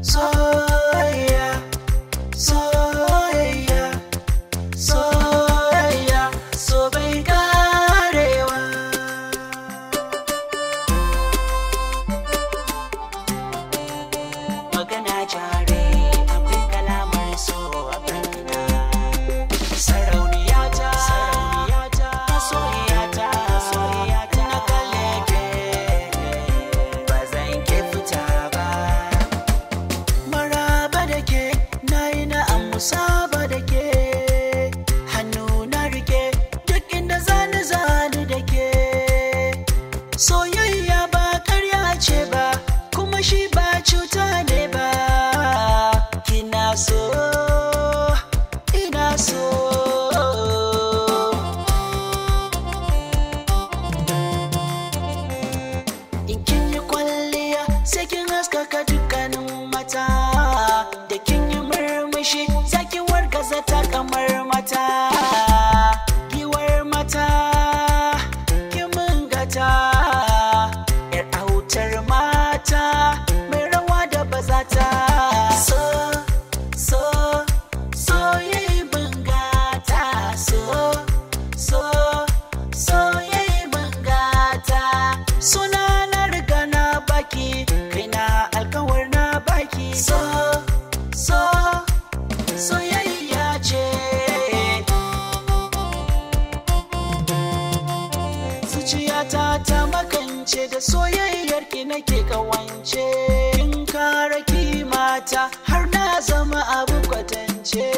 So kin haskaka dukkanin mata da kin yi murmushi zaki wargaza ta kamar mata giwar mata kin mun gata da soyayyar ki nake kawance in kara mata har na zama abu kwatance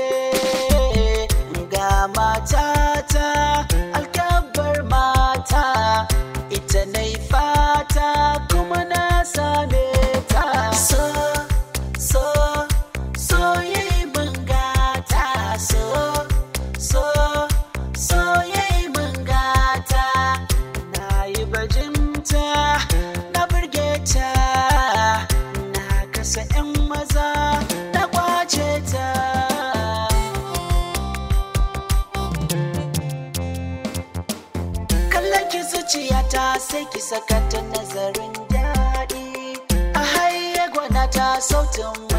sai ki nazarin daɗi a hayya gwana ta sautin